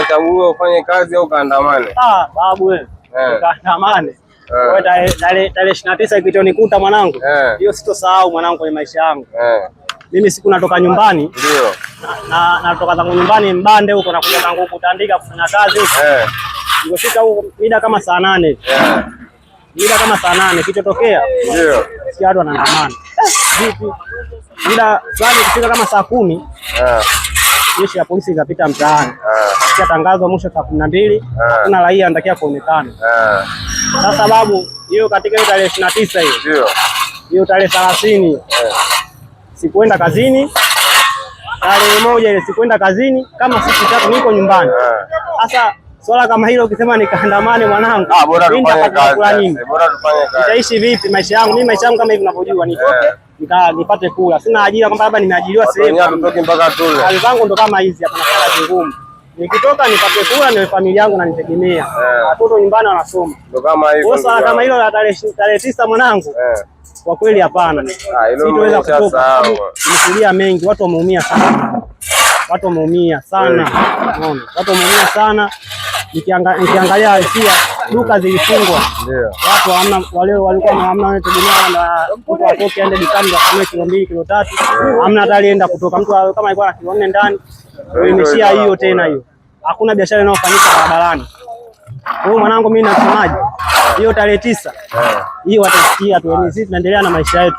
wachague ufanye kazi au kaandamane. Ah, babu wewe. Eh. Kaandamane. Eh. Wewe Tarehe ishirini na tisa ikionikuta mwanangu, eh. hiyo sitosahau mwanangu kwenye maisha yangu. Mimi siku natoka nyumbani. Ndio. Na natoka zangu nyumbani Mbande huko na kuja zangu kutandika kufanya kazi Eh. Nilifika huko mida kama saa nane. Eh. Mida kama saa nane kichotokea. Ndio. Si watu wanaandamana. Vipi? Mida fulani kufika kama saa kumi. Eh. Jeshi la polisi ikapita mtaani. Eh kupitia tangazo mwisho saa kumi na mbili ah. hakuna raia anatakiwa kuonekana. Ah. Sasa sababu hiyo katika hiyo tarehe ishirini na tisa hiyo hiyo tarehe thelathini eh. sikuenda kazini, tarehe moja ile sikuenda kazini kama siku tatu, niko nyumbani. Ah. Sasa swala kama hilo ukisema nikaandamane, mwanangu, eh, nitaishi vipi maisha yangu? Mimi maisha yangu kama hivi ninavyojua, nitoke eh. nika nipate kula, sina ajira kwamba labda nimeajiriwa sehemu, kazi zangu ndo kama hizi hapa, nafanya ngumu nikitoka nipate kula ni familia yangu nanitegemea, eh. watoto yeah. nyumbani wanasoma. Ndio kama hivyo. Sasa kama hilo la tarehe tisa mwanangu yeah. Kwa kweli hapana, ah, sitoweza kutoka. nimesikia yaani, mengi, watu wameumia sana, watu wameumia sana, eh. unaona yeah. watu wameumia sana. Nikiangalia hisia, duka zilifungwa, watu hamna, wale walikuwa hamna wale tegemea na mtu atoke aende dukani kwa kama kilo mbili kilo tatu, eh. hamna hata alienda kutoka, mtu kama alikuwa na kilo nne ndani, imeshia hiyo tena hiyo hakuna biashara inayofanyika barabarani. huyu mwanangu, mimi nasemaje, hiyo tarehe tisa eh. hiyo watasikia tu, yaani sisi tunaendelea na maisha yetu.